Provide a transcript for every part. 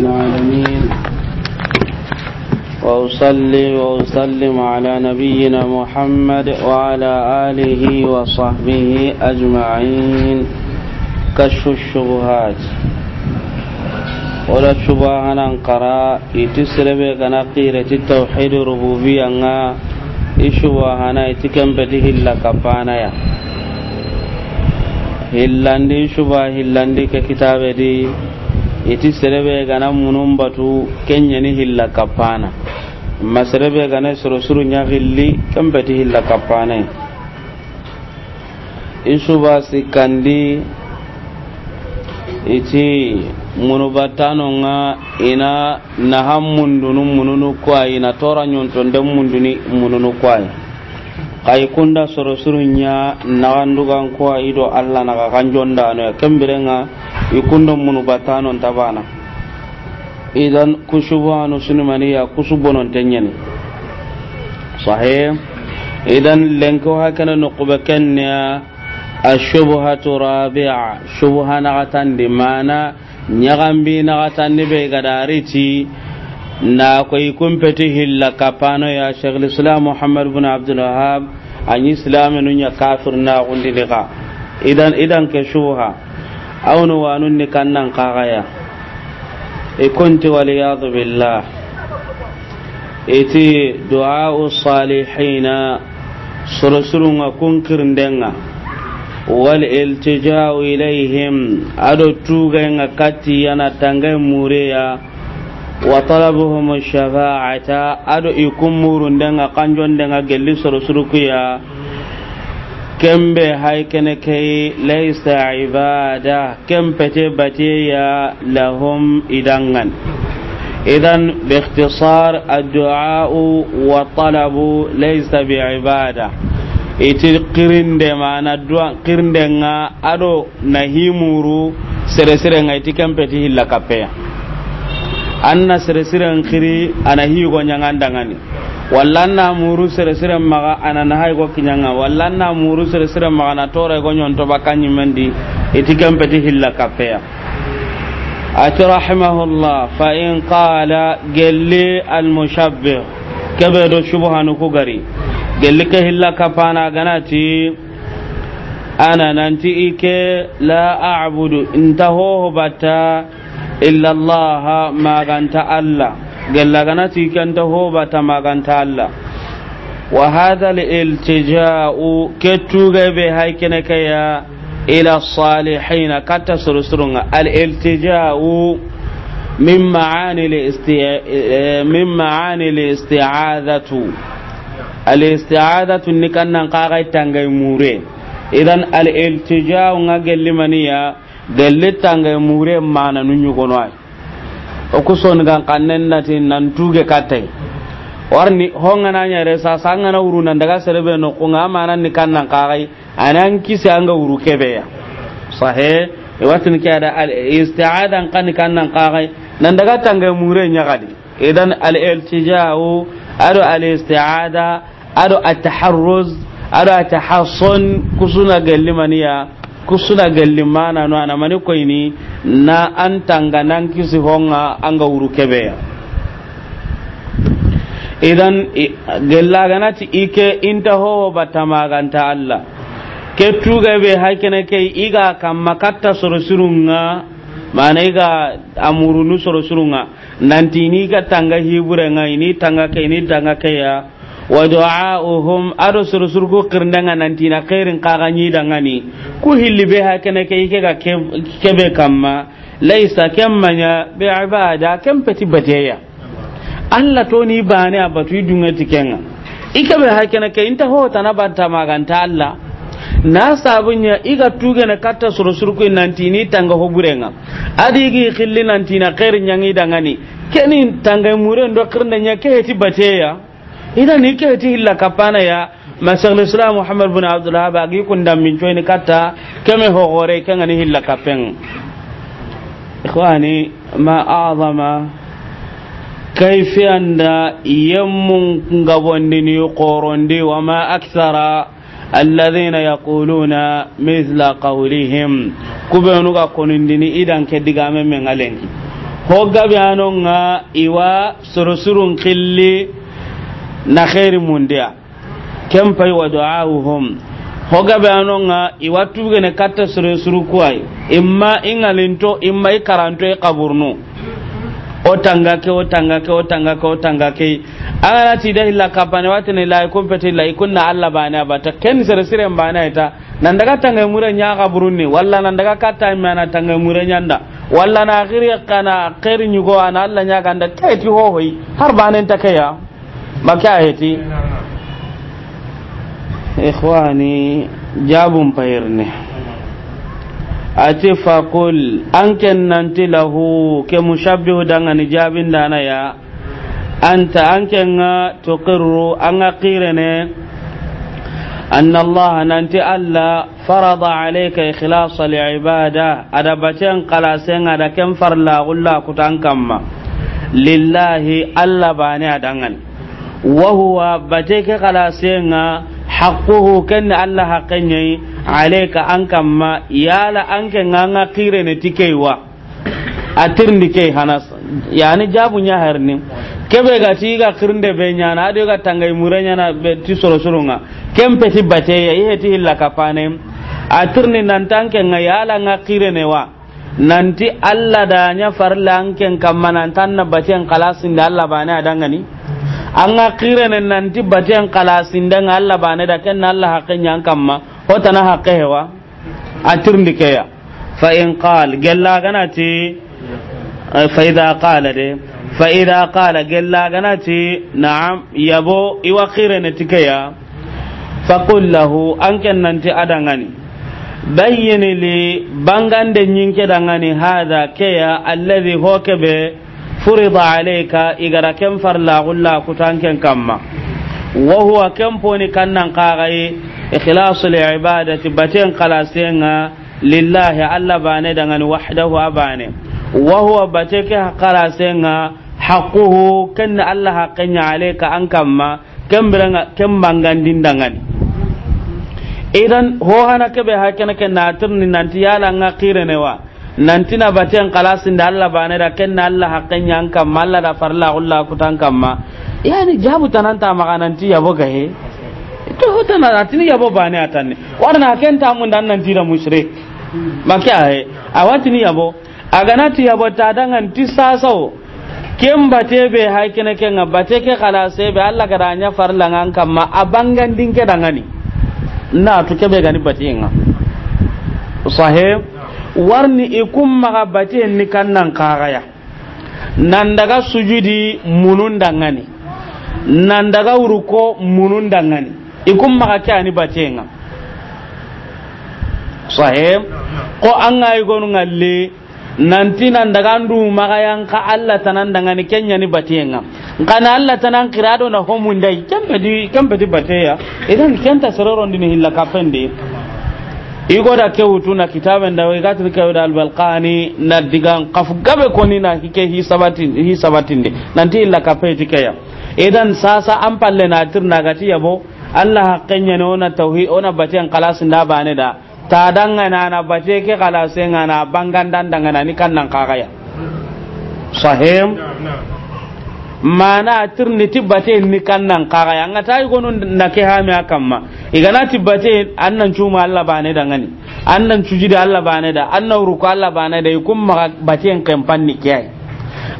العالمين وأصلي وأسلم على نبينا محمد وعلى آله وصحبه أجمعين كشف الشبهات ولا شبهة ننقرا يتسرب قناقيرة التوحيد ربوبيا يشبهة نايتكم بديه لكفانا hillandi shuba hillandi ke kitabe di iti serebe gana munun batu kenyani hilla kappana amma serebe gana surusuru nya hilli kambati hilla kappana isuba Kandi iti munu batano nga ina naham mundunu mununu kwai na tora nyontonde munduni mununu kwai kai kunda soro surunya nagandugan ko ido allah naga kanjonda no kembirenga ikundo munu batano tabana idan kushubanu ya kusubonon tenyani sahih idan lenko hakana nuqba kenya الشبهة رابعة شبهة نغتن mana نغم بي نغتن بي na koy kumpeti hilla kapano ya sheikh islam muhammad bin abdul wahhab an islam nun ya kafir na gundi liqa idan idan ke shuha awnu wanun ni kannan qagaya e kunti wal yadu billah iti e du'a salihina surusurunga kunkirndenga wal iltija'u ilaihim ado tuga nga katti yana tangai mureya wa talabuhum shafa'ata ado ikum murun danga kanjon danga gelli soro surukuya kembe hay kene kay laysa ibada kempete batiya lahum idangan idan باختصار الدعاء والطلب ليس بعبادة iti kirinde mana duwa kirinde nga ado na himuru sere sere nga iti kempeti hilla kapeya anna sere siren khiri ana higo ñagandangani walla na muru sere siren maga ana nahaygo kiñanga walla na muru sere siren maga na toraygo bakanyi mendi iti peti hilla kafea ati rahimahullah fa in qala gelli al mushabbih do shubhanu ku gari gelli ke hilla gana ganati ana nanti ike la a'budu inta hoho batta illa allah maganta allah gallaganati kanta hobata maganta allah wa hadha al-iltija'u ketuga be haykene kaya ila salihin katta surusurunga al-iltija'u min ma'ani li min ma'ani li isti'adatu al-isti'adatu nikannan qaga tangay mure idan al-iltija'u delle tanga mure mana nunyu kono ay o ko son gan kanen nati nan tuge kate warni honga na nya re sa sanga na uru nan daga serbe no ko ngama nan ni kannan kagai anan kisi anga uru kebe ya sahe e watin ki da al isti'adan kan kannan kagai nan daga tanga mure nya gadi idan al iltija'u ado al isti'ada ado at taharruz ado at tahassun kusuna gallimaniya kusuda gelli mana no ana mani ko ini na antanga nan kisi honga anga uru kebe idan gella ganati ike inta ho batama ganta Allah ke tuga be hakene ke iga kamma katta sorosurunga mana iga amurunu sorosurunga nanti ni ka tanga hibure ini tanga ke ini tanga ke ya wa du'a'uhum ado sur sur ku qirndanga nanti na khairin qaganyi dangani ku hilli be ha kana ke ke ga kebe kamma laisa kemmanya be ibada kem peti bateya alla to ni bane abatu dunga tikenga ikabe ha kana ke inta hota na banta maganta Allah na sabunya iga tuge na katta surusuru ku nanti ni tanga hoburenga adi gi khilli nanti na khairin yangi dangani kenin tanga muren do kirnda nya ke heti bateya ida ni ke ti illa kapana ya muhammad bin abdullah ba gi kun dam min joini kata keme ho gore ke ngani illa kapen ikhwani ma a'zama kayfi anda yammun ngabondi ni qorondi wa ma akthara alladhina yaquluna mithla qawlihim kubenu ga konindini idan ke digame men alengi ho gabe nga iwa sursurun qilli na khairi mundiya kem pay wa du'aahum hoga be anonga iwatu ne katta suru suru kuai imma ingalinto imma ikaranto e kaburnu o tanga ke o tanga ke o tanga ke o tanga ke ala ti da hilla kapane wati ne lai kompete lai kunna alla bana bata ken sere sere bana ita nan daga tanga mure nya kaburun ne walla nan daga katta mana tanga mure nyanda walla na ya kana khairi nyugo ana alla nya ganda kai ti ho hoyi har banen ta kaya makaheti ikhwani jabun payirne ati faqul an kennanti lahu ke mushabbihu dangani jabin dana ya anta an kenga tuqirru an aqirene أن الله ننت ألا فرض عليك إخلاص العبادة أدا بتين قلاسين أدا كم فرلا غلا كتان كما لله ألا باني أدنغن وهو بتيك خلاصينا حقه كن الله حقني عليك أنك ما يالا أنك نانا قيرن تكيوا أترن كي هناس يعني جابوا نهارني kebe ga ti ga kirnde be nyana ado ga tangai mure na be ti solo solo nga kempe ti bate ya ihe ti hilla ka kapane atirni nan tanke nga yala nga ne wa nanti alla da nya farla anken kamma nan tan na bate en kalasin da alla bana adangani an anga kirene nanti baten kala sindanga Allah ne da kenna Allah haqqenya an kamma oh, ta na haqqe hewa atirndi keya fa in qal gella ti eh, fa idha qala de fa idha qala gella ti na'am yabo iwa kirene tikeya fa qul lahu an ti adangani bayyini li bangande nyinke dangani hada keya alladhi hokebe فرض عليك إذا كم فرلا غلا كتان كن كما وهو كم بوني كان قاغي إخلاص العبادة بتين قلاسين لله الله باني دغن وحده أباني وهو بتيك قلاسين حقه كن الله حقني عليك أن كما كم برنا كم بانغاندين دغن idan هو hana ke be hakana ke natir ni nanti nantina baten kalasin da Allah bane da ken na Allah haqqan yan kam malla da farla ulla kutan kam ma yani jabu tananta magananti yabo gahe to hotana atini yabo bane atanne warna ken ta mun dan nan tira mushrik maki ahe awatini yabo aganati yabo tadangan ti sasao ken bate be hay kene ken bate ke kalase be Allah kada nya farla ngan kam ma abangan dinke dangani na to kebe gani bate nga sahib warni ikum maga baten ni kannan kagaya nan daga sujudi munun dangani nan daga uruko munun dangani ikum maga kyani batenga sahib ko an ga igonu ngalle nanti nan daga ndu maga yang ka Allah tanan dangani kenya ni batenga kana Allah tanan kirado na homun dai kambe di kambe di bateya idan kenta sororon dini hilla kapende da ke hutu na kitaben da wai gatir ke da albalkani na digan kafu gabe koni na kike hi sabatin nanti illa ka tike ya idan sasa an palle na tir na gati yabo Allah haqqanya ne ona tauhid ona batiyan kalasin da bane da ta dangana na bate ke kalasin na bangan dan dangana ni kan nan kakaya sahim mana tirni tibbate ni kannan kaga an ga tayi gonon na ke ha me akamma igana tibbate annan cuma Allah ne da ngani annan cuji da Allah ne da annan ruku Allah ne da ikum ma en kampan ni kai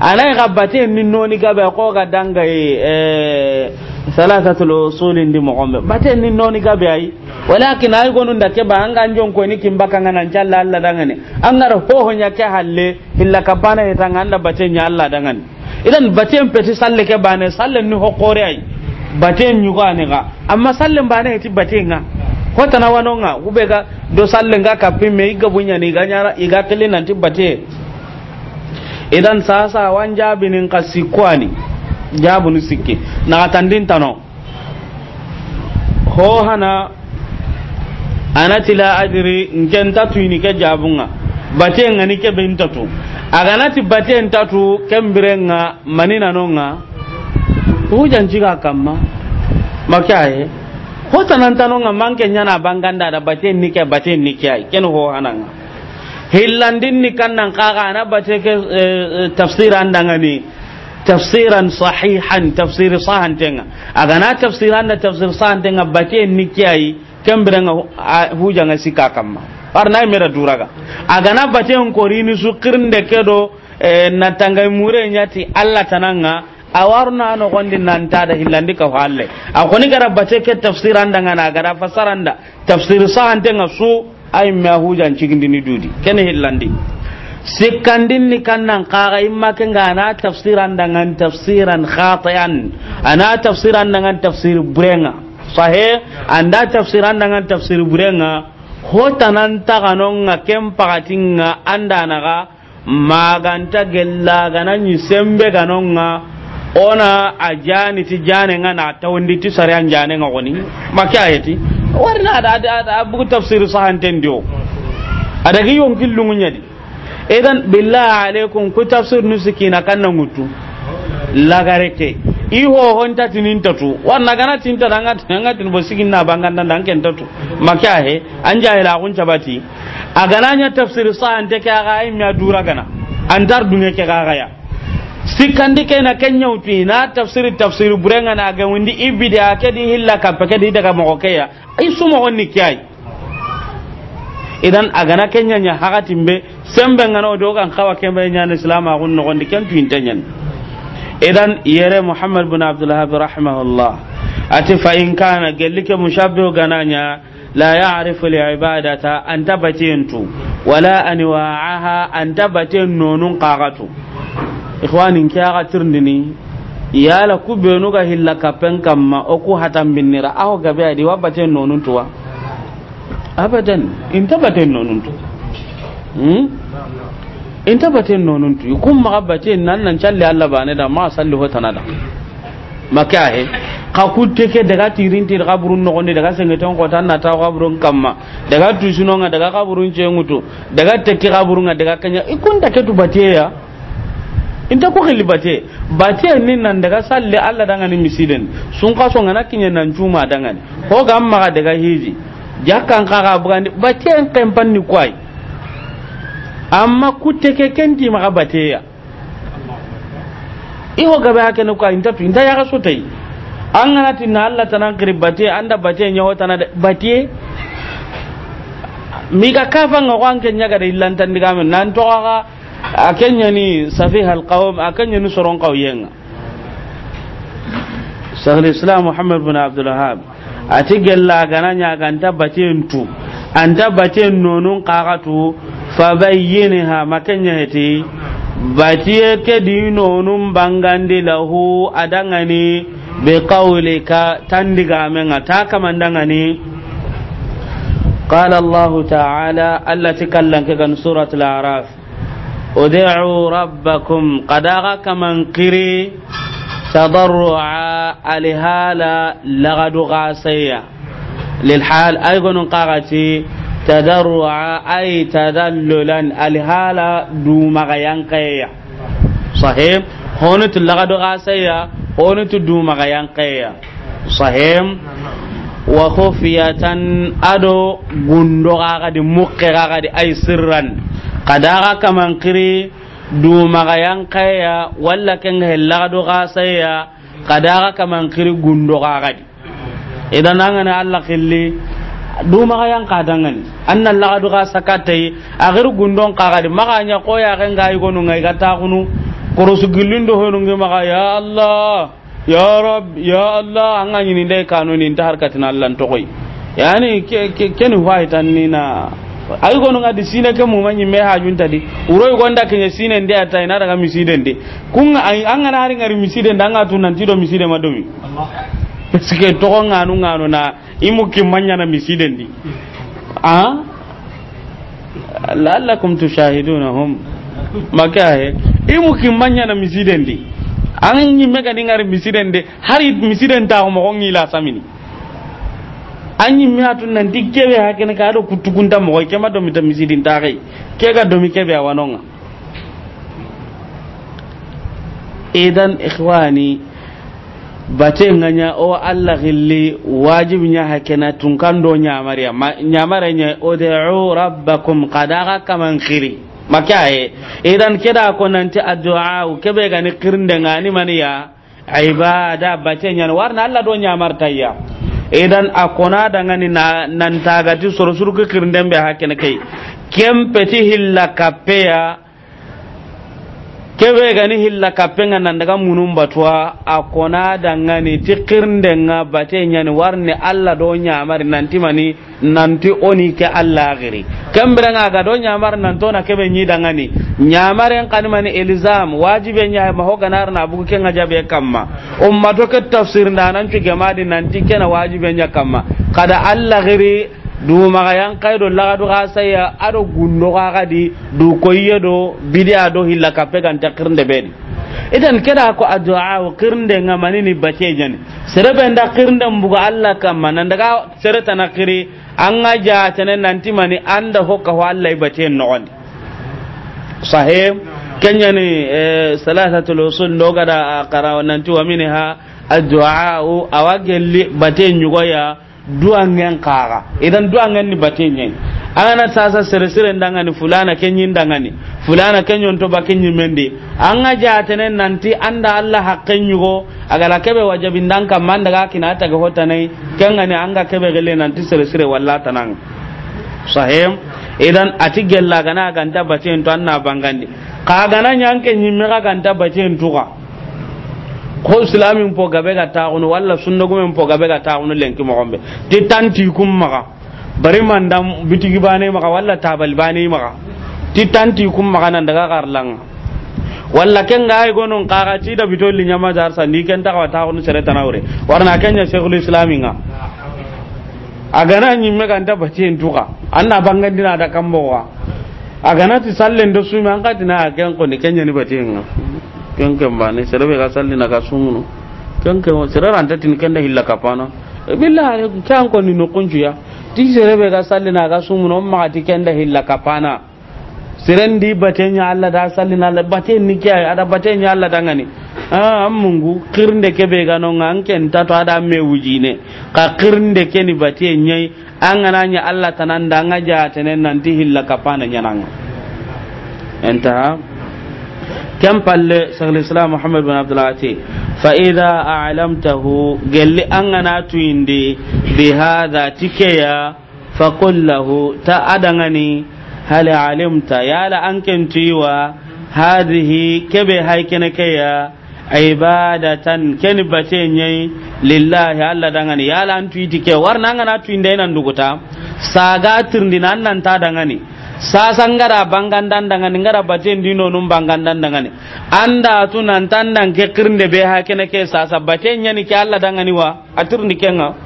anai ga baten ni noni ga ba ko ga danga e eh, salatatul usul indi muhammad bace ni noni ga bai walakin ay gonon da ke ba an ga njon ko ni baka ngana challa Allah dangane an ga ho ho nya ke halle illa kabana ni tanga Allah bace nya Allah dangane idan baten peti salle ke bane salle ni hokore ai baten nyugo aniga amma salle bane ti batenga ko tana wanonga ubega do salle ka kapi me iga bunya ni ganyara iga kele ti bate idan sasa wanja binin kasikwani jabu ni sikki na tandin tano ho hana anati la adri ngenta tuini ke jabunga bate nga ke ben tatu aganati bate tatu kembire nga manina nonga hujan jiga kamma makaye hota nan nga manke nyana banganda da bate nike bate nike ken ho hananga hillandin ni kannan kaga na bate ke eh, eh, tafsiran dangani tafsiran sahihan tafsir sahan tenga agana tafsiran da tafsir sahan tenga bate nike ai kembire nga hujanga sika kama. arna mera duraga agana baten korini su kirnde kedo eh, na tangai mure nyati alla tananga awarna no gondi nanta da hillandi ka halle a koni gara bate ke tafsiran da ngana gara fasaran da tafsir sa ante ngasu ay ma hujan cikindi ni dudi kene hillandi sikkandin ni kannan kaga imma ke ngana tafsiran da ngan tafsiran khatian ana tafsiran da ngan tafsir burenga sahe anda tafsiran da ngan tafsir burenga hotanan taganonga ken pagatinga andanaga maganta gella gananyi sembe ganonga ona a jani ti jane nga na tawndi ti sare an jane nga goni maki ayeti warna da da da bugu tafsir sahanten dio adagi yon killungu nyadi idan billahi alaikum ku tafsir nusikina kanna ngutu lagareke iho hon ta tinin tatu wanna gana tin ta danga danga tin sigin na bangan nan dan ken tatu makya he an ja ila kun bati a gananya tafsir sa an ta ka ga ya dura gana an dar dunye ke ga ga ya sikandi ke na kenya uti na tafsir tafsir burenga na ga windi ibidi ke di hilla ka pake di daga mo ke ya ai su mo ni kyai idan a gana kenya nya hakatin be sembe ngana do kan kawa kembe nya na islam a gun no ken di kan tanyan idan yere muhammad bin abdullah rahimahullah ati fa in kana gelike mushabbi gananya la ya'rifu li ibadata an tabatintu wala wa'aha an tabatin nonun qaqatu ikhwanin kiya qatirnini ya ku kubenu ga hilla kapen kamma o ku hatan binnira aho gabe adi wabaten nonun tuwa abadan in tabatin nonun tu hmm inta baten nonun tu kun ma bace nan nan challe Allah ne da ma salli ho tanada maka he ka ku ke daga tirin tir kaburun no gonde daga sanga ton kota na ta kaburun kamma daga tu nga daga kaburun ce ngutu daga tekke kaburun daga kanya ikun da ke tu bate ya inta ku khili bate bate ni nan daga salli Allah daga ni misiden sun ka so ngana kinya nan juma daga ni ho ga amma daga hiji jakan ka ga bugandi bate en kan panni kwai amma kutte ke kenti maga bateya iho gabe hake ne ko inta tu inta yaga sotai an gana na Allah tanan kiri bate anda bate nyawo tana bate mi ka kafa nga ko anke nyaga da illantan diga men nan to ga akenya ni safihal qawm akenya ni soron qawyenga sahal islam muhammad bin abdul wahhab ati gella gana nya ganta bate ntu anta bate nonun qagatu fabe yiniha ma kenya yadi ba kai ka diyo a nuna ba kanti lahada a dangan bai ta'ala allatu kallanka gansuura surat haraf. odeye curo bakum gada a ka kaman kiri shagon ruca ali hala تضرعا أي تذللا الهالة دوما غيانقيا صحيح هون تلغدو غاسيا هون تدوما غيانقيا صحيح وخفية أدو غندو غادي مقي غادي أي سرا قداغا كمان قري دوما غيانقيا ولا كان هلغدو غاسيا قداغا كمان قري غندو غادي إذا نانا الله خلي duma yang kadangan anna la duga sakatai agir gundon kagadi maganya ko ya kan gai gonu ngai kata kunu korosu gillindo honu ngi maga ya allah ya rab ya allah an angani ni dai kanuni ta harkatina allah to koi yani ken wai tan ni na ay gonu ngadi sine ke mu manyi me hajun tadi uroi gonda kenya sine nde ata na daga miside nde kun an ngana hari ngari miside ndanga tunan tido miside madomi allah sike to nganu nganu na imu kimmanyana misidendi a la'allakum tushahidunahum maka he imu kimmanyana misidendi an yimme gadi ngari misidende hari misiden taxu moxo ngila samini an yi yimme atun nanti keɓe ha kene ka aɗo kuttugunta moxoy kema domita misidin taxey ke ga domi keɓe a wanonga idan ikhwani bate nya o Allah gilli wajib nya hakena tun kan do nya mariya nya maranya ud'u rabbakum qadaga kaman khiri makaye idan kida ko nanti addu'a be gani ni da ngani maniya ibada bace nya warna Allah do nya martaya idan akona daga ni nan tagati soro surku kirnde be hakena kai kempeti hilla kapeya kebe gani hilla kapenga nan daga munun batuwa a kona dangani ti kirndenga bate nyani warne alla do nyamari nanti mani nanti oni ke alla giri nga ga do nyamari nan to na kebe nyi nyamari nyamaren kan mani ilzam wajibe nya ma ganar na bugu kenga jabe kamma ummato ke tafsir nan nan gamadi nanti kena wajibe nya kamma kada alla giri du do kaido do ga saya aro gunno ga gadi du koyye do bidia do hilla kape gan takirnde ni idan kada ko addu'a wa kirnde ngamani ni bace jani be nda kirnde mbuga Allah kamma nan daga sere tanakiri an ga tanen nanti mani anda hokka wa Allah bace non sahib kenya ni eh, salatatul usul loga gada qara ah, nanti wa minha addu'a awagelli nyugo ya duwangen kara idan duwangen ni batenye ana sasa sere-sere dangani fulana kenyin dangani fulana kenyon to bakin mendi. an ga jatene nanti anda Allah hakken A agala kebe wajabin dan kan man daga kina ta ga hota nai kengani an ga kebe gele nanti sere-sere walla tanan sahim idan ati gella gana ganta batin to anna bangandi ka gana nyanke nyimme ga ganta batin tuka ko islami po gabe ga wala walla sunnagumen po gabe ga taxunu lenki gombe ti tanti kum maxa bari dam bitigi bane maxa walla tabal bane maxa ti tanti kum maxa nan daga garlang walla ken ga ay gonon kaga ti da bitolli nyama jar ni ken ta wata hono sere tanawre warna kenya sheikhul islami nga agana nyi me kan ta bace ntuka anna bangan dina da kambowa agana ti sallen do sumi an ka dina ken ko ni kenya ni bace nga ken ken bane serebe ga salli na ka sumunu ken ken serara anta tin ken da e hilla kapana billahi kan ko ni no ya ti serebe ga salli na ga sumunu ma ti ken da hilla kapana siren di baten ya Allah da salli na Allah baten ni kiya ada baten ya Allah dangani ah mungu kirnde ke be ga non an ken ta to ada me ne ka kirnde ke ni baten nyai an ananya Allah tananda ngaja tenen nan ti hilla kapana nyananga enta كم قال شيخ الاسلام محمد بن عبد العتي فاذا اعلمته قال لي انا تويندي بهذا تكيا فقل له تأدغني هل علمت يا لأنكنت هذه كبه هاي كنكيا ibadatan ken bate nyai lillahi alla dangani yala antu itike warna ngana tu indaina nduguta saga tirndi nan nan ta dangani sasan gara bangandan dangane ngara baten dino num bangandan dangane anda tu nan tandan ke kirnde be ha ke ke sasa nya ni ke Allah dangani wa atur ni kenga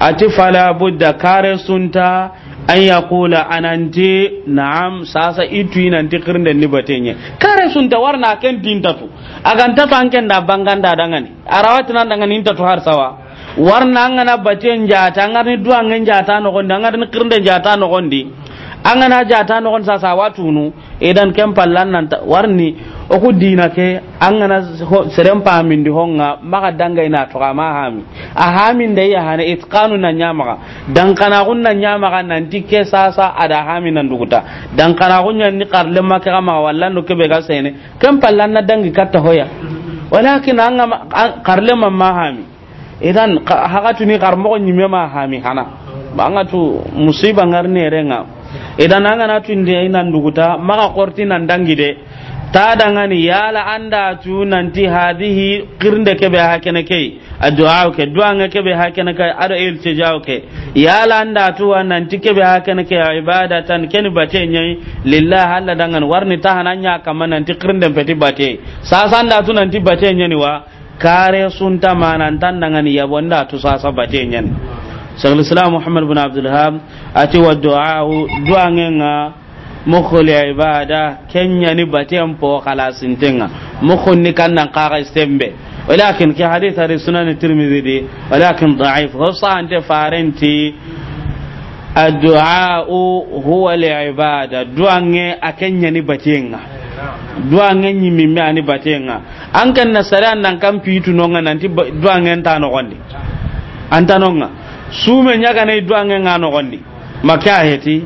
ati fala budda kare sunta an yaqula ananti na'am sasa itu nanti kirnde ni nya kare sunta warna ken dinta tu aganta tu anken da banganda dangane arawat nan dangane ta tu har sawa warna angana baten jata angarni duangen jata nogondi angarni kirnde jata nogondi angana jata nogon sasa watunu edan ken pallannanta warni oku dina ke angana seren pamindi honga maka danga ina toka mahami ahami a hamin hana yahana itqanu na nyamaga dankana gunna nyamaga nanti ke sasa ada hami nan duguta dankana gunya ni karle make kama wallan ke be ga sene ken pallanna dangi katta hoya walakin anga karle mamma hami idan haka tuni karmo nyime ma hami hana banga tu musiba ngarne renga idan anga na tun de nan duguta maka korti nan dangi de ta dangani yala anda tu nanti hadihi qirnde kebe hakene kei addu'a ke du'a kebe hakene kai ado iltijao ke yala anda tu nanti ke kebe hakene kei ibadatan ken bate nyai lillah alla dangan warni tahana nya kamana nanti qirnde peti bate sasa anda tu nanti bate nyani wa kare sun ta manan tan ni ya bonda to sasa batenyen shaykhul islam muhammad bin abdul hab ati wa du'a du'a nga mukhli ibada kenya ni batem po kala sintenga mukhun ni nan qara istembe walakin ki hadith ari sunan tirmidhi di walakin da'if sa ante farenti addu'a huwa li ibada du'a nge akenya ni batenga duwa ngen nyimmi me ani batenga an kan na sare an nan kan pitu nonga nanti duwa ngen ta no gondi an ta nonga sume nyaga ne duwa ngen ga no gondi maka heti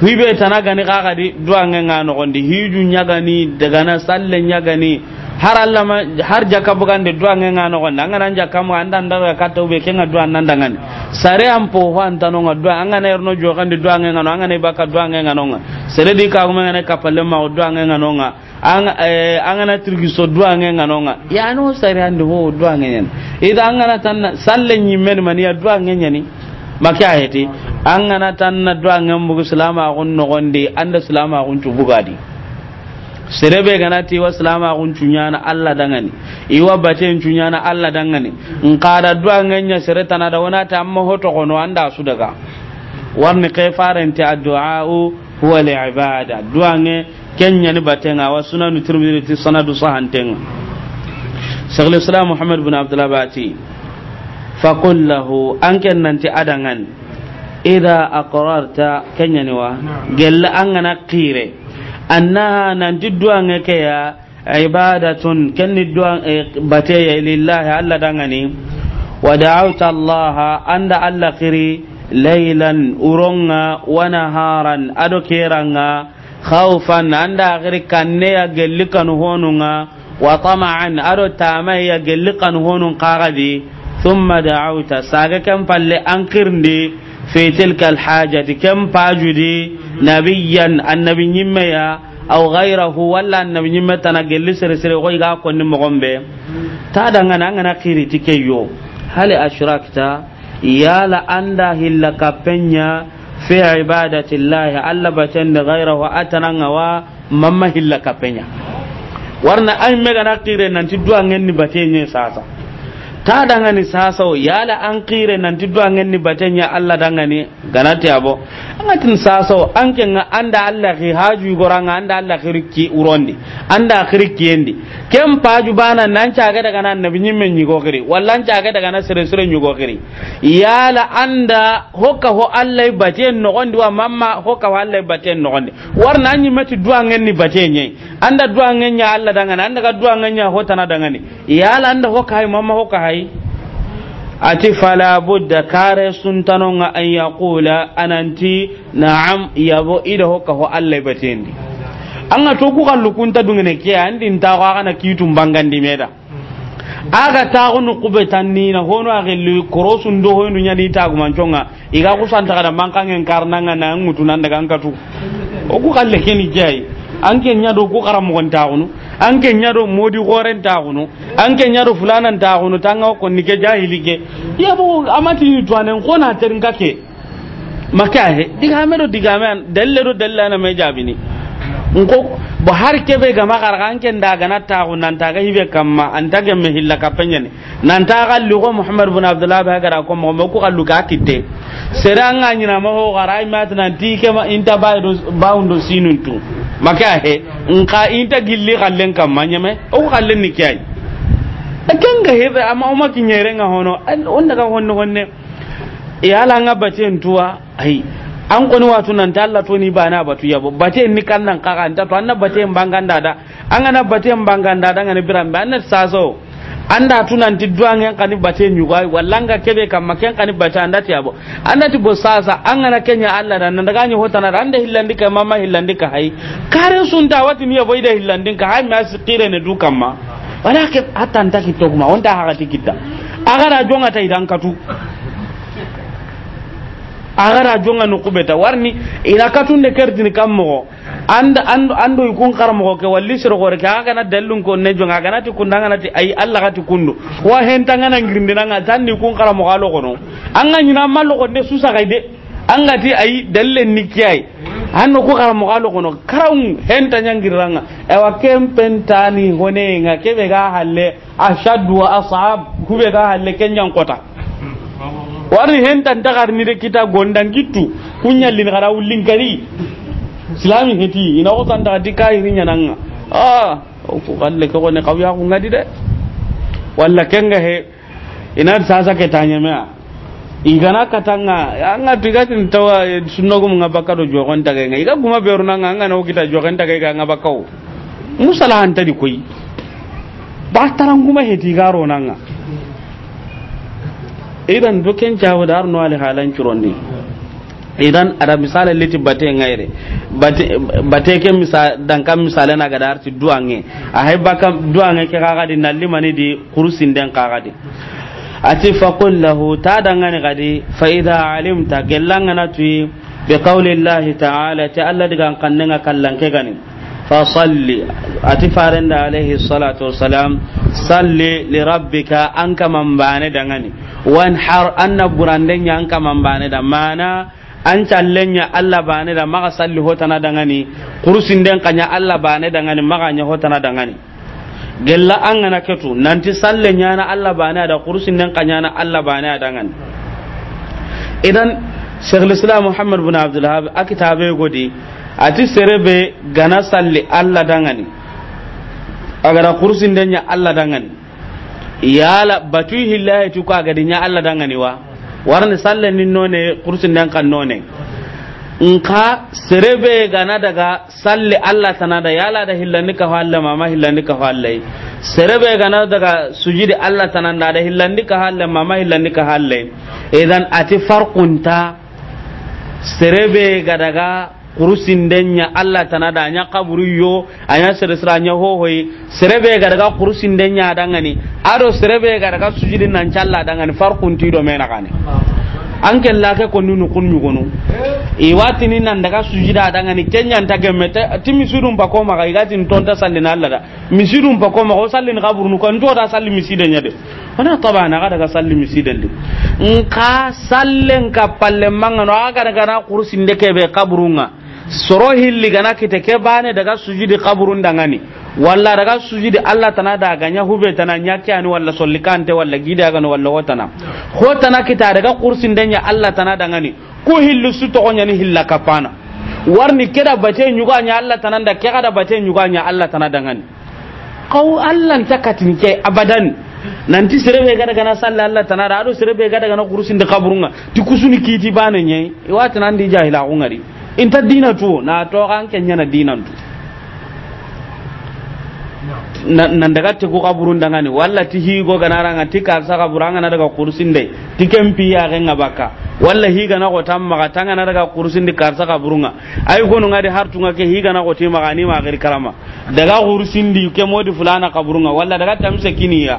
hibe tana gani ka kadi duwa ngen ga gondi hiju nyaga ni daga na salle nyaga ni har allama har jaka bugande duwa ngen ga no gondi an nan jaka mo andan ka katta ube kenga duwa nan dangani sare an po ho an ta nonga duwa an ga na erno jo kan duwa ngen ga an ga ne baka duwa ngen ga nonga seredi ka kuma ngana kapalle ma odo anga ngano nga eh, anga na tirgi so dwa ngana ngano nga ya no sare ande wo dwa ngana nyen ida anga na tan salle nyi men mani do ngana ni maka heti anga na tan na dwa anga mbugo salama gun no gonde anda salama gon tubugadi serebe gana ti wa salama gun cunyana Allah dangani iwa bate cunyana Allah dangani in qara dwa ngana sere tana da ta amma hoto gono anda su daga warni kai faran addu'a huwa al-ibada duwange kenya ni batenga wa sunanu tirmidhi ti sanadu sahantenga shaykhul islam muhammad ibn abdullah bati fa qul lahu an nanti adangan idha aqrarta kenya ni wa gella an ngana qire annaha nanti duwange kaya ibadatun kenni duwan eh, bateya lillahi alla dangani wa da'awta allaha anda alla qiri laylan uronga wana haran ado keranga khaufan anda agri kanne ya gelikan honunga wa tama'an ado tama ya gelikan honun qaradi thumma da'awta saga kan palle ankirndi fi tilka alhajati kam pajudi nabiyyan annabi ya aw ghayrahu walla annabi nyimme tana gelli sere sere ko iga ko ta danga na ngana khiri tikeyo hali ashrakta yala anda hilla kapenya fi ibadati llahi alla batan da gaira wa atanan wa mamma hilla kapenya warna ay mega na kire nan ti duangen ni batenye sasa ta ni sasa yala an kire nan tiddo angen ni ya Allah dangani ganati abo angatin sasa an kenga anda Allah ki haju goranga anda Allah khirki urondi anda khirki endi kem paju bana nan ga daga nan nabi nyimme nyi go khiri wallan ga daga nan sere sire nyi go khiri yala anda hokka ho Allah baten no gondi wa mamma hokka ho Allah baten no gondi nan nyi mati duwa ngen ni an anda du an nya Allah an anda ga duwa ngen nya hotana ni yala anda hokka hay mamma hokka ay ati fala budda kare an yaqula ananti na'am yabo ida hokka ho Allah batendi an ga to ku kallu kun ta dungene an din ta ga kana kitum bangandi meda aga ta gunu kubetan ni na hono a gelu korosun do hono nyani ta guman conga na daga an katu o ku kalle keni jai an ken nyado ku karam gon an ken nyaro modi goren ta gunu an ken nyaro fulanan ta gunu tanga ko nike jahili ke ya bo amati ni tuanen ko na terin kake maka diga do diga me dalle do me jabini nko bo har kebe gama ken ko nan hibe kamma an ta ga mehilla ka penyen nan ta ga lugo muhammad ibn abdullah ba gara ko mo ko kallu ka kitte seranga nyina ma inta do tu maka nka inta gilli kallen kamma nyame o kallen ni kai akan amma daga honne e an kwani watu nan Allah to ni bana batu yabo bate ni kan kannan kaka ta to anna bate mbanganda da an ana bate mbanganda da ngani birambe anna saso anda tunan ti duangen ni bate nyugai wallanga kebe kam kan kani bate anda ti an anda ti sa an ana kenya Allah da nan daga ni hotana rande hillandi ka mama hillandi ka hai kare sun da wati ni yabo ida hillandi ka hai ma kire ne dukan ma wala ke hatta anta kitoguma wanda hakati kitta agara jonga ta idan katu agara jonga no kubeta warni ina katun de kerdini kammo anda ando ando yukun karmo ke walli sir gore ka kana dallun ko ne jonga kana ti kundanga nati ay alla kati kundu wa hen tangana ngirindina nga tanni kun karmo galo kono anga nyina mallo ko ne susa kaide anga ti ay dallen nikiyai hanno ko karmo galo kono karaw hen tanya ngiranga e wa kempen tani hone nga kebe ga halle ashadu wa ashab kube halle kenyan kota warni hen tan tagar ni de kita gondan kittu kunyalli gara wullin kari islami heti ina ko tan daga dikai ni nyananga ah ko galle ko ne kawya ko ngadi de walla kenga he ina sasa ke tanya mea igana katanga anga tigatin tawa eh, sunno gum ngabaka do jogon tage ngai ga kuma beru nanga anga no kita jogon tage ga ngabakau musala hanta di koi ba taranguma heti garo nanga idan duken jawo da arno ali halan ne idan ada misalan liti bate ngaire bate ke misa dan kam misalan aga da arti duange a hay bakam duange ke kaga di nalli mani di kursin den kaga di ati qul lahu ta dangane gadi fa idha alimta gellan na tuyi bi qawli allah ta'ala ta alla diga kannenga kallan ke gani fa salli ati faranda alaihi salatu wassalam salli li rabbika an kamambane dangane wan har anna buranden yan kaman bane da mana an callen ya Allah bane da maka salli hotana dangani kursin den kanya Allah bane dangani maka nya hotana dangani gella an gana ketu nanti sallenya na Allah bane da kursin den kanya na Allah bane dangani idan Sheikh Islam Muhammad bin Abdul Wahhab akitabe godi ati serebe gana salli Allah dangani agara kursin den ya Allah dangani yala batuhi hillahi tu ka ga dinya Allah dan wa warni sallan nin none kursin dan kan none in ka serebe ga na daga salli Allah tana da yala da hillani ka halle mama hillani ka halle serebe ga na daga sujudi Allah tana da da hillani ka halle mama hillani ka halle idan ati farqunta serebe ga daga kurusin denya Allah tana da anya kaburi yo anya sirisira sere anya hohoi sirebe ga daga kurusin denya dangani ado sere be ga daga sujidin nan challa dangani farkun tido do mena kane an kella ke ko nunu kun gonu e wati ni nan daga sujida dangani kenya ta gemete ti misurun pa ko ma ga igatin tonta sallina Allah da misurun pa ko ma ko sallin kaburun ko ndo da salli misidenya de wana tabana ga daga salli misidan din nka sallen ka palle manga no aga daga na kursin de ke be kaburunga soro gana kite ke bane daga sujudi kaburun dangani walla daga sujudi allah tana da ganya hube tana nya kyani walla sollikante walla gida gano walla wotana hotana kita daga kursin danya allah tana ngani ku hillu su to nya ni hilla kafana warni keda bate nyuga nya allah tana da kada bate nyuga nya allah tana ngani qau allah takatin ke abadan nanti serebe gada gana salla allah tana da ado serebe gada gana kursin da kaburunga ti kusuni kiti bane nyai iwata nan di jahila ungari inta dina tu na to kan kenya na dina tu na daga te ko kaburun ni, walla ti hi go ganara ranga, ti kar sa kaburanga na daga kursin dai ti kempi ya ga baka walla hi ga na go tam maga tanga na daga kursin di kar sa kaburunga ay go nunga de hartunga ke hi ga na go te maga ni ma gari karama daga kursin di ke modi fulana kaburunga walla daga ta tam kiniya,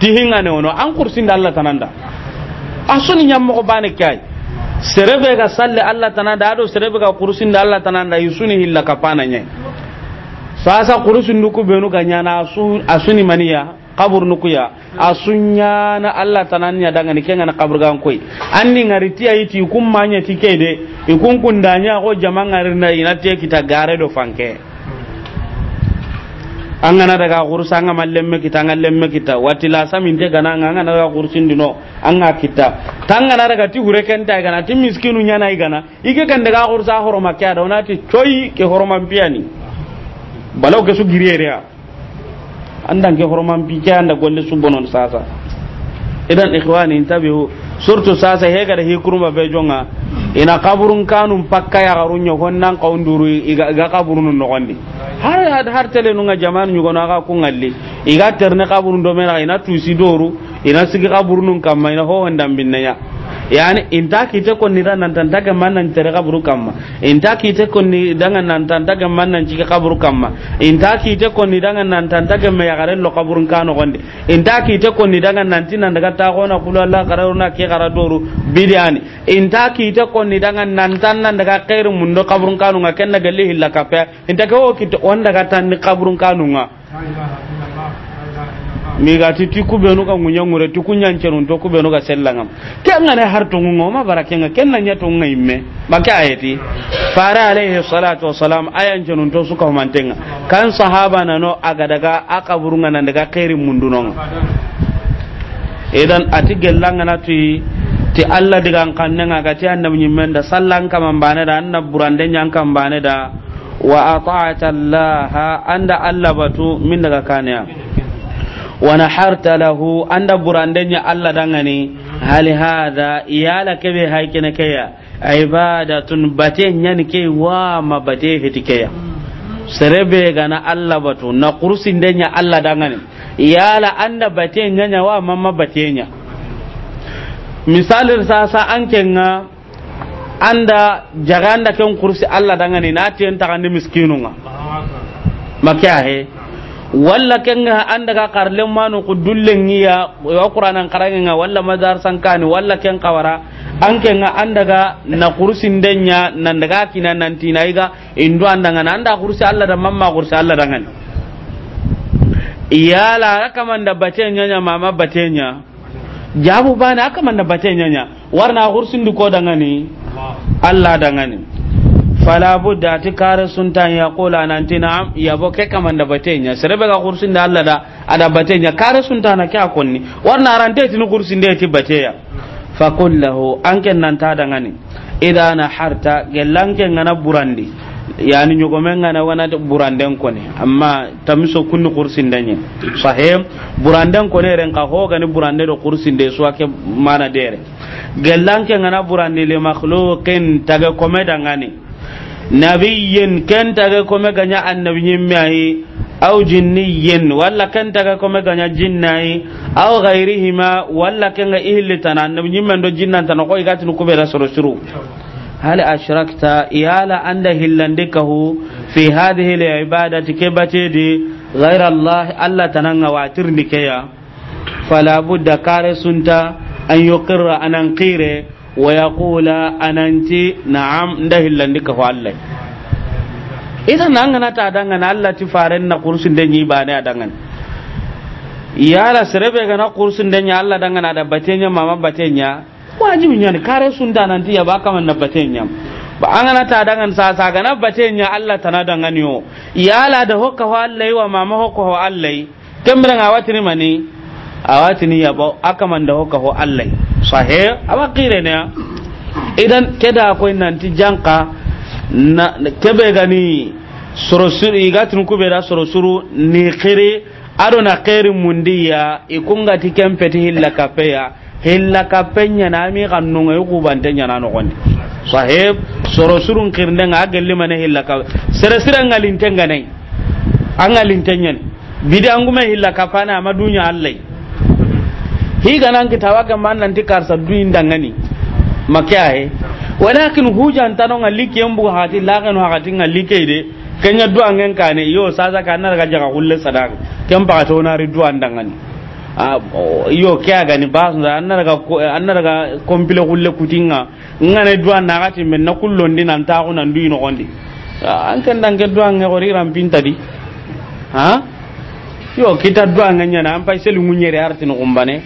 ti hinga ne wono an kursin da Allah tananda asuni nyam mo ko bane kai serebe ga salle Allah tana da ado serebe ga kurusin da Allah tana da yusuni hilla kapana nye sasa kurusin nuku benu ga nyana asu asuni maniya kabur nuku ya asunya na Allah tana nya daga ni kenga na kabur ga koi anni ngariti ayi ti manya tike de ikun kundanya ko jama'ar na ina te kita gare do fanke an gana daga gursa an ga mallemme kita an ga lemme kita wati la samin te gana an gana daga gursin dino an ga kita an gana daga ti hure kenta gana ti miskinu nyana gana ike kan daga gursa horoma kya da onati coyi ke horoma ni balau ke su giriyere ya andan ke horoma piya anda gole su bonon sasa idan ikhwani intabihu surtu sasa hega da hikurma be jonga ina kaburun kanun pakka ya garun yo honnan qaun duru iga kaburun no gondi har har tele nunga jaman nyu gona ga ku ngalli iga terne kaburun do mena ina tusi doru ina sigi kaburun kam ina ho hondan binnaya yani inta kite konni ni ranan tan daga manan tere kaburu kamma inta kite ni daga nan tan daga manan nan cike kaburu kamma inta kite ni daga nan tan daga me yagare lo kaburun kano gonde inta kite ni daga nan tin nan daga ta gona kula Allah kararuna ke karadoru bidiyani inta kite ni daga nan tan nan daga khairu mundo kaburun kano ga kenna galle hilla kape inta ko kite on daga tan ni kaburun kano nga mi ga ti ti kubenu ka ngunya ngure ti kunyan cerun to kubenu ka sellangam ke ngane har to ngo ma barake nga ken nanya to ngai me baka ayati fara alaihi salatu wassalam ayan cerun to suka mantenga kan sahaba na no aga daga aka burunga nan daga khairi mundunon idan ati gellanga na ti ti alla diga kannanga ga ti annabi nyimmen da sallan kaman bane da annab burande nyan kan bane da wa ata'ata allah anda alla batu min daga kaniya wana harta lahu anda da burandanya Allah dan gani iyala hada ya la kebe haike na ibadatun bate nyani ke wama ma bate keya sarebe gana Allah batu na kursin ndenya Allah dan iyala anda la an da bate nyanya wa mamma bate nya misalir sasa an anda jaganda ken kursi Allah dan gani na tiyan ta miskinu nga makiahe walla kenga anda ka karlen manu ku dullen ya wa qur'anan karangen walla mazar sankani walla ken kawara an kenga anda ga na kursin denya nan daga kinan nan tinaiga indu anda nan anda kursi Allah da mamma kursi Allah da ngani. iyala man da batenya nya mama batenya jabu bana man da batenya nya warna kursin du ko da ngani Allah da ngani fala budda ti kare sunta ya qula nan na ya ke kaman da batenya serebe ga kursin da Allah da ada batenya kare sunta na kya konni warna rante tin kursin da ti ya. fa kullahu anken nan ta da ngani na harta ken ngana burandi yani men ngana wonata ko kone amma da kunni sahem sahe ko kone ren ka ni burande do da suwa ake mana dere ken ngana burandi le makhluqin komeda ngani nabiyyin ken taga kome ganya annabiyin mai aw jinniyin walla ken taga kome ganya jinnai aw ghairihima walla ken ga ihlitana annabiyin man do jinnan tan ko igati nu kubera soro suru hal ashrakta iyala anda hillandikahu fi hadhihi al ibadati kibati di ghaira allah alla tananga watir dikeya fala budda kare sunta an yuqirra anan qire wa yaqula ananti na'am nda hillandi ka Allah idan an gana ta dangana Allah ti faren na kursin da yi ba ne a dangana yala sirebe gana kursin da ya Allah dangana da batenya mama batenya wajibi nyani, kare sun da nan ti ya ba kaman na batenya ba an gana ta dangan sa sa gana batenya Allah tana dangani yo yala da hokka wa Allah wa mama hokka wa Allah kembra ngawatini mani awatini yabo akamanda ho kaho allah sahe qire ne idan keda ko nanti janka na kebe gani soro suru ku kube da soro suru ni qire adona qire mundiya ikunga tikem peti hilla kapeya hilla kapenya na mi kannunga yuku bantenya na no sahib soro suru qirnde nga gelle mane hilla ka sere sere ngalinte ngane angalinte nyen bidangu me hilla kapana ma dunya Allah kita higanan kitawaga mannanti karsa duin dangani make ahe walakin hujantanonga likembugu hakati lagenu hakati nga likeide kenya duwa ngen kane yo sasa kana daga jaga kulle sadaka kem ba to nari duwa ndangani ah, yo kya gani bas da anna daga anna daga kompile kulle kutinga ngane duwa na gati men na kullon din an ta kuna ndu ino gondi an ah, kan dange duwa nge gori ram pintadi ha yo kita duwa nganya na am pay selu munyere artino kumbane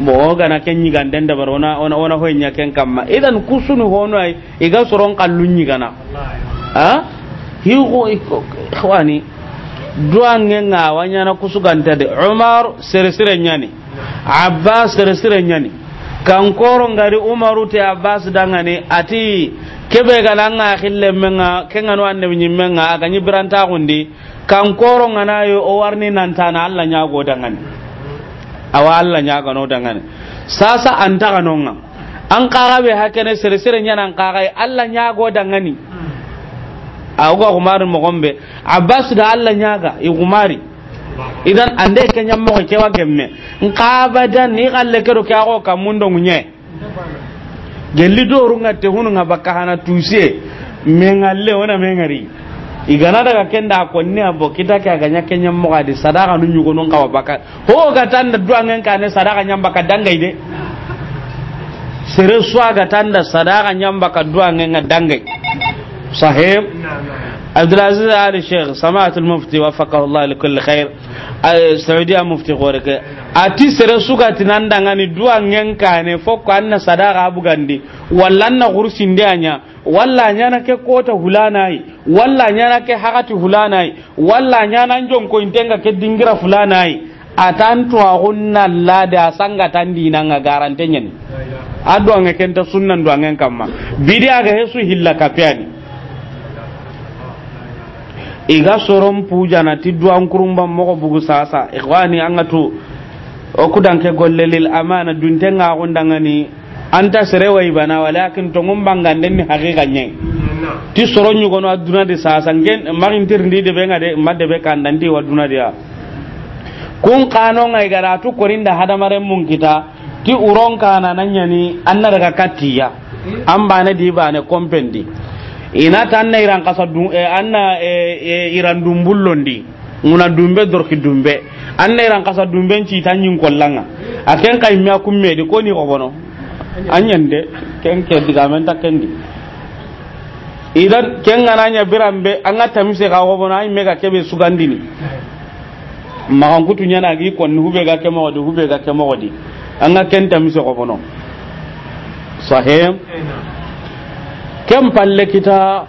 mo gana ken nyigan den da barona ona ona ho nya ken kamma idan kusun ho no ay iga soron kallun nyigana ha hi go iko khwani duan higo ikhwani duange na nyana kusuganta de umar sere sere nyani abbas sere sere kan kankoro ngari umar te abbas dangane ati kebe ga nan nga khille menga kengano annabi nyimmenga aga nyibranta gundi kan kankoro ngana yo o warni nan nantana alla nyago dangane awa Allah ya gano dangane sasa anta ganonga an kara be hakene sere sere nya nan e Allah go kumari abbas da Allah nya ga i e kumari idan ande kenya mo ke wa gemme nkaba dan ni galle kero ka go kamundo munye gelli do runga te hunu tusie mengalle mengari igana daga kenda ko ne abo kita ka ganya kenya mo ga di sadaka nu nyugo non kawa baka ho ga da duan ngan kane sadaka nyamba ka dangai de sere swa ga da sadaka nyamba ka duan ngan dangai sahib عبد العزيز آل الشيخ سمعت المفتي وفقه الله لكل خير السعودية مفتي غورك أتي سرسوكا تناندا غني دوا نين كان فوق أن صداقة أبو غاندي ولا أن غرسين دي walla nyana ke kota hulanai walla nyana ke hakati hulanai walla nyana njon ko intenga ke dingira fulanai atantu to agunna la da sanga tan dinanga garante nyen adu nga kenta sunnan do anga kamma bidia ga hesu hilla kapiani iga puja na tiddu duwan kurumban moko bugu sasa ikhwani anga tu okudanke gollelil amana duntenga ni. anta wai bana walakin to ngum bangandenni haqiqa nyen ti soro gono aduna de sasa ngen tir ndi de be ngade madde be kandandi waduna dia kun kano ngai gara tu korinda hadamaren mun kita ti uron kana nan nyani anna daga kattiya an bane di bane kompendi ina tan na iran kasa dum e eh, anna e iran dum bullondi nguna dumbe dorki dumbe anna iran kasa dumbe ci tan nyin kollanga aken kai mi kumme di ko ni ko bono anyan de ken ke diga men ta di idan ken ngana nya birambe anga tamise ka go bona me ga kebe sugandini magan kutu nya na gi kon hube ga kema wadi hube ga kema wadi anga ken tamise go bono sahem ken palle kita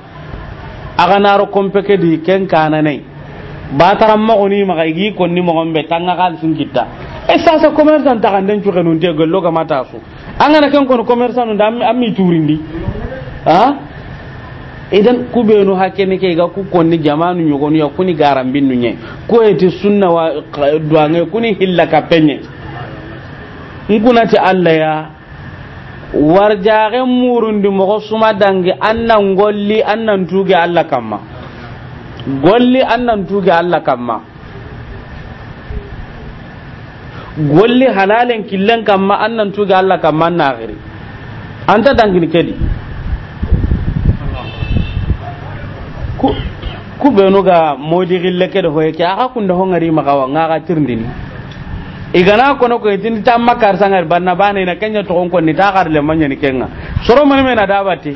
aga naro kompe ke di ken kana nei bataram ma oni maga gi kon ni mo gombe tanga kal sun kitta e sasa commerçant ta kan den cu kanun te gollo ga mata su an angana ken da an nda turin turindi a idan kubenu hakkene ke ga ku konni jamanu ñogonu ya kuni garambinnu ñe ko eti sunna wa duwange kuni hilla kappeñe nkunati allah ya warjaxe di mako suma dangi an nan golli an nan tuge allah golli an nan tuge allah golli halalen killen kamma annan tuga Allah kamma na gari anta dangin kedi ku ku benu ga modi gille kede hoye ke aka kunda hongari magawa ngaga tirndini igana no ko itin ta makar sangar banna bana ina kanya to kon ni ta garle manya ni kenga soro man me na dabati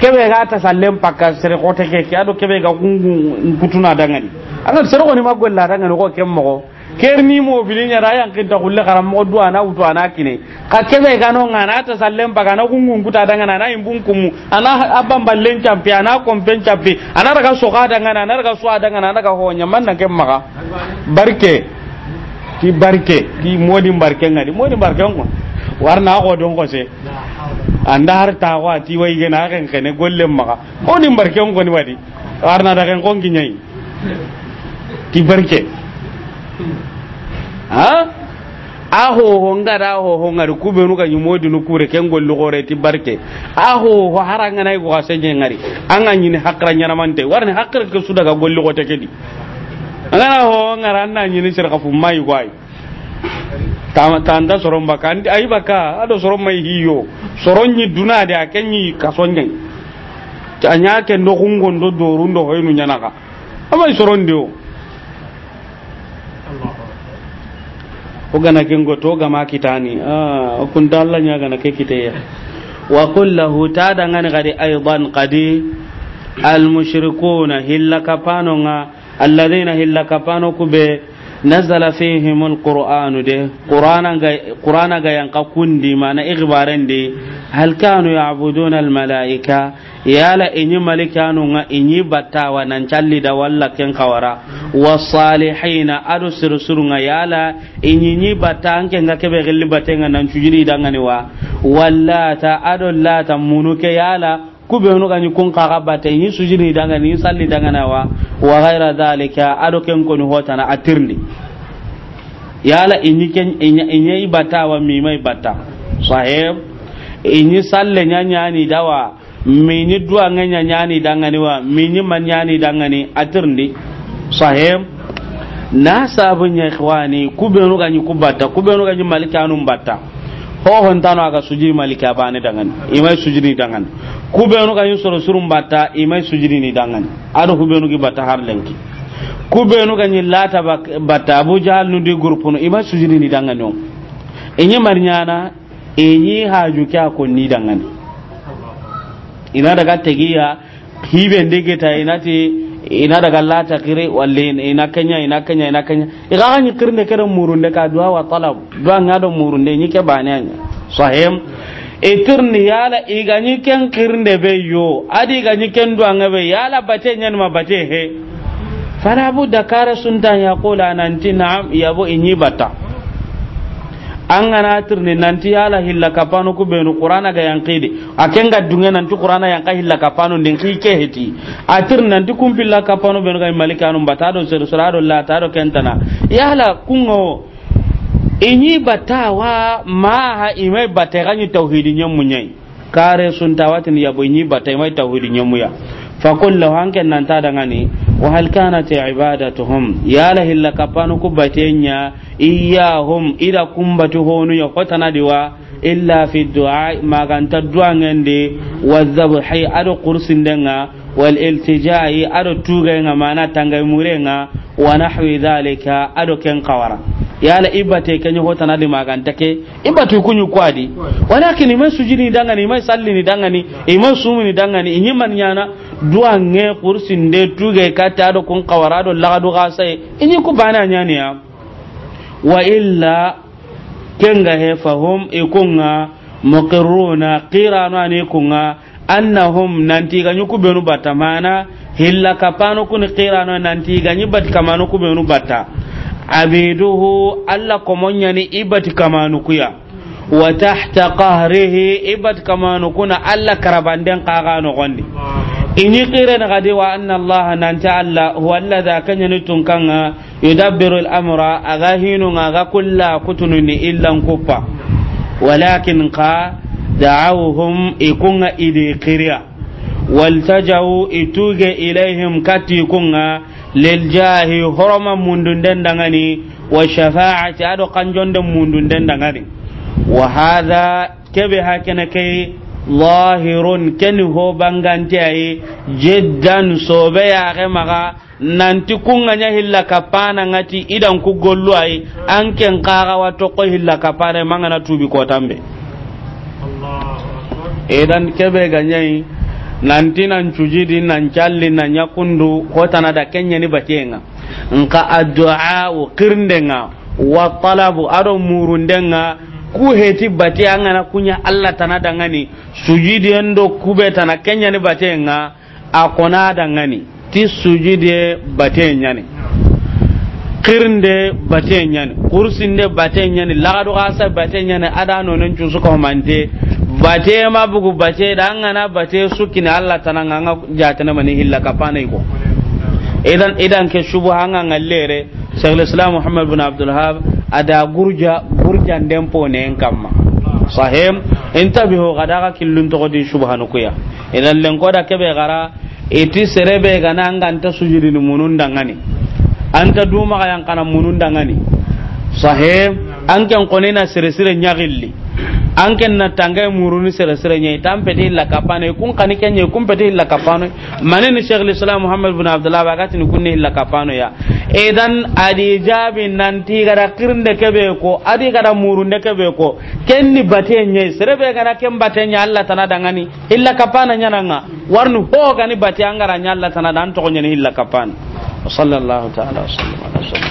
kebe ga ta sallem pakka sere ko te ke ado kebe ga kungu kutuna dangani anan sero ko ni la dangani ko kemmo kerni mobilin ya rayan kinta kulle karam mo duwa na wutu ana kine ka kebe gano ngana ta sallen baga na gungun kuta daga na na imbun kumu ana abban ballen champi ana kompen champi ana daga soka daga na ana daga suwa daga na daga honya man na kem maka barke ti barke ti modi barke ngadi modi barke ngo warna ko don ko se anda har ta wa ti wai gena kan kene gollen maka modi barke ngo ni wadi warna daga ngo nginyai ti barke ha a hoho ngara hoho ngari kubenu ga nyumodi nu kure ken gollu gore ti barke a hoho haranga nay go asenye ngari anga nyini hakra nyana mante warne hakra ke suda ga gollu go tekedi ngara ho ngara anna nyini sirka fu mai gwai tanda soron baka andi ayi baka ado soron mai hiyo soron nyi duna da akenyi kasonye anya ken do gungon do dorun do hoyinu nyana ka amai soron dio ogana kengo to ga ma kitani ah kun dalla nya gana ke kite ya wa qul lahu ta ne gadi aidan qadi al mushrikuna hillaka nga alladheena hillaka pano kube nazala fihim al qur'anu de qur'ana ga qur'ana ga yang kakundi mana igbarende hal kanu ya'buduna malaika yala inyi malikanu nga inyi battawa nan calli da walla ken kawara wasalihina adu sirsuru nga yala inyi nyi batta ke nga kebe gelli batenga nan cujiri dangani wa wallata adu lata munuke yala kube hunu kanyi kun kaka bata inyi sujiri dangani inyi salli dangana wa wa ghaira dhalika adu ken koni hotana atirni yala inyi ken inyi ibatawa mima ibata sahib inyi salle nyanya ni dawa minyi dua nganya nyani dangani wa minyi manyani dangani atirndi sahem na sabu nya ikhwani kubenu ganyi kubata kubenu ganyi anu mbata hohon ntano aga sujiri malika bane dangani imai sujiri dangani kubenu ganyi soro suru mbata imai sujiri ni dangani adu kubenu gi bata har kubenu ganyi lata bata abu jahal nu gurupunu imai sujiri ni dangani inyi marinyana enyi haju kya konni dangane ina daga tagiya hibe ndege ta ina te ina daga lata kire walle ina kanya ina kanya ina kanya iga hanyi kirne kere murunde ka duwa wa talab duwa ngado murunde nyike bane anya sahem itirni yala iganyi ken kirnde be yo adi iganyi ken duwa ngabe yala bate nyen ma bate he fala budda kare sunta ya qula nanti na'am yabo inyi bata an gana tirni nanti ala hilla kapano ku benu qur'ana ga yanqidi akenga dunga nanti qur'ana ka hilla kapano din ki ke hiti atir nanti kum billa kapano benu ga malikanu batado sir surado la tado kentana yala kungo inyi batawa ma ha imai batai ganyi tauhidin yan munyai kare sun tawatin bo inyi batai mai tauhidin yan muya فقل له أنك أن تادغني وهل كانت عبادتهم يا له إلا كبان كبتين إياهم إذا كنبتهون يقتنا دوا إلا في الدعاء ما كانت الدعاء عندي والذبح أدو قرص دنا والالتجاء أدو توغينا ما نتنغي مرينا ونحو ذلك أدو كن قورا yala ibate kenyo hota na di maganta ke ibatu kunyu kwadi walakin iman sujini dangani iman salli ni dangani iman sumi ni dangani inyiman nyana duwange kursinde tuge kata do kun kawarado lagadu ga sai ini ku bana nyani ya wa illa kenga hefa hum ikunga muqirruna qiranu ani kunga annahum nanti ganyu nyuku benu bata mana hilla kapano kun qiranu nanti ganyu nyibati kamano ku benu bata abiduhu alla komonya ni ibati kamanu kuya wa tahta qahrihi ibat kamanu kuna alla karabanden qaga no gondi ini qira na gade wa anna allaha nan ta allah huwa alladha kanyani tunkanga yudabbiru a amra aga ga aga kulla kutununi illan kuppa walakin ka da'awhum ikunga idi qira waltajaw ituge ilaihim kati kunga lil jahi horoma mundun dangani wa shafa'ati ado kanjonde mundun dangani wa hadha kebe na kai ظاهر كن هو بانغانتي جدا صوبه يا مغا nanti kunganya hilla kapana ngati idan ku gollu ay anken kaga wato ko hilla kapana mangana tubi ko tambe idan kebe ganyai nanti nan cujidi nan calli nan yakundu ko tana da kenya ni batenga nka addu'a kirndenga wa talabu aro murundenga ku heti bate an gana kunya Allah tana dangani sujudi ndo kube tana kenya ni bate nga akona dangani ti sujudi bate nyani kirnde bate nyani kursinde bate nyani lagadu asa bate nyani ada nonon cusu ko mante bate ma bugu bate da an gana bate sukini Allah tana nga jatana mani hilla kapana iko idan idan ke shubu hangan ngallere shaykhul islam muhammad bin abdul hab ada gurja gurja dempo ne en kamma sahem intabihu gadaga killun to godi shubhanu kuya idan len koda kebe gara iti serebe gana ngan ta sujudin munun dangani anta duma yang kana munun dangani an kan konena sire sire nyagilli an ken na tanga e muruni sere sere nyai tam pedi la kapane kun kani kenye kun pete la kapane mane ni Sheikh Islam Muhammad bin Abdullah ba gatin kun ni la kapane ya idan adi jabi nan ti gara kirnde kebe ko adi gara murunde kebe ko ken ni bate nyai sere be gara ken bate nya Allah tana dangani illa kapana nyananga warnu ho gani bate angara nya Allah tana dan to nyani illa kapane sallallahu ta'ala wa sallam